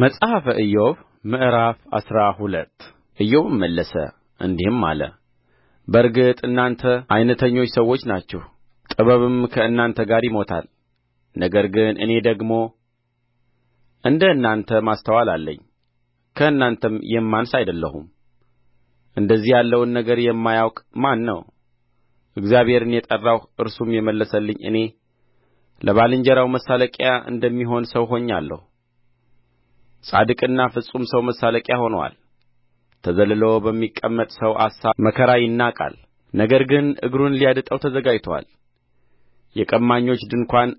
መጽሐፈ ኢዮብ ምዕራፍ አስራ ሁለት ኢዮብም መለሰ እንዲህም አለ በእርግጥ እናንተ ዓይነተኞች ሰዎች ናችሁ፣ ጥበብም ከእናንተ ጋር ይሞታል። ነገር ግን እኔ ደግሞ እንደ እናንተ ማስተዋል አለኝ፣ ከእናንተም የማንስ አይደለሁም። እንደዚህ ያለውን ነገር የማያውቅ ማን ነው? እግዚአብሔርን የጠራሁ እርሱም የመለሰልኝ እኔ ለባልንጀራው መሳለቂያ እንደሚሆን ሰው ሆኛለሁ። ጻድቅና ፍጹም ሰው መሳለቂያ ሆኖአል ተዘልሎ በሚቀመጥ ሰው አሳብ መከራ ይናቃል ነገር ግን እግሩን ሊያድጠው ተዘጋጅቶአል የቀማኞች ድንኳን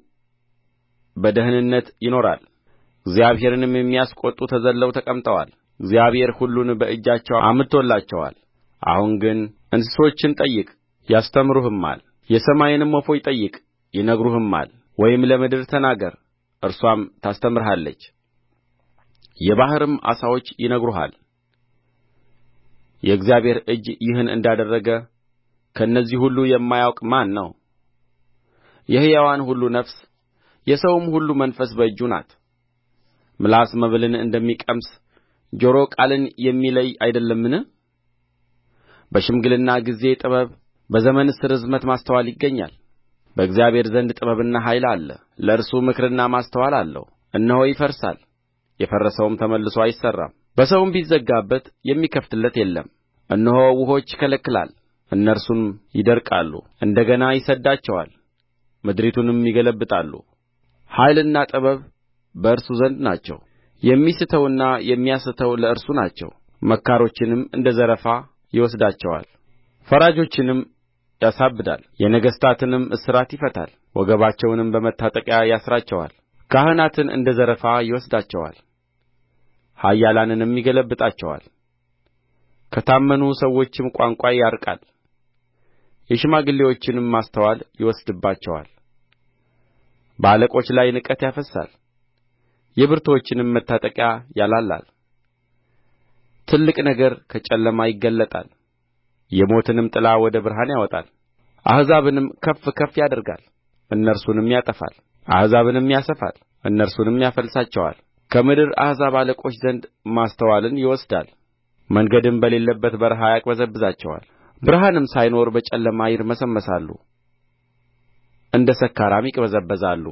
በደኅንነት ይኖራል እግዚአብሔርንም የሚያስቈጡ ተዘልለው ተቀምጠዋል እግዚአብሔር ሁሉን በእጃቸው አምጥቶላቸዋል አሁን ግን እንስሶችን ጠይቅ ያስተምሩህማል የሰማይንም ወፎች ጠይቅ ይነግሩህማል ወይም ለምድር ተናገር እርስዋም ታስተምርሃለች የባሕርም ዓሣዎች ይነግሩሃል የእግዚአብሔር እጅ ይህን እንዳደረገ ከእነዚህ ሁሉ የማያውቅ ማን ነው የሕያዋን ሁሉ ነፍስ የሰውም ሁሉ መንፈስ በእጁ ናት ምላስ መብልን እንደሚቀምስ ጆሮ ቃልን የሚለይ አይደለምን በሽምግልና ጊዜ ጥበብ በዘመንስ ርዝመት ማስተዋል ይገኛል በእግዚአብሔር ዘንድ ጥበብና ኃይል አለ ለእርሱ ምክርና ማስተዋል አለው እነሆ ይፈርሳል የፈረሰውም ተመልሶ አይሠራም በሰውም ቢዘጋበት የሚከፍትለት የለም እነሆ ውኆች ይከለክላል እነርሱም ይደርቃሉ እንደ ገና ይሰድዳቸዋል ምድሪቱንም ይገለብጣሉ ኃይልና ጥበብ በእርሱ ዘንድ ናቸው የሚስተውና የሚያስተው ለእርሱ ናቸው መካሮችንም እንደ ዘረፋ ይወስዳቸዋል ፈራጆችንም ያሳብዳል የነገሥታትንም እስራት ይፈታል ወገባቸውንም በመታጠቂያ ያስራቸዋል ካህናትን እንደ ዘረፋ ይወስዳቸዋል ኃያላንንም ይገለብጣቸዋል ከታመኑ ሰዎችም ቋንቋ ያርቃል የሽማግሌዎችንም ማስተዋል ይወስድባቸዋል በአለቆች ላይ ንቀት ያፈስሳል የብርቱዎችንም መታጠቂያ ያላላል ትልቅ ነገር ከጨለማ ይገለጣል የሞትንም ጥላ ወደ ብርሃን ያወጣል አሕዛብንም ከፍ ከፍ ያደርጋል እነርሱንም ያጠፋል አሕዛብንም ያሰፋል እነርሱንም ያፈልሳቸዋል ከምድር አሕዛብ አለቆች ዘንድ ማስተዋልን ይወስዳል መንገድም በሌለበት በረሃ ያቅበዘብዛቸዋል ብርሃንም ሳይኖር በጨለማ ይርመሰመሳሉ እንደ ሰካራም ይቅበዘበዛሉ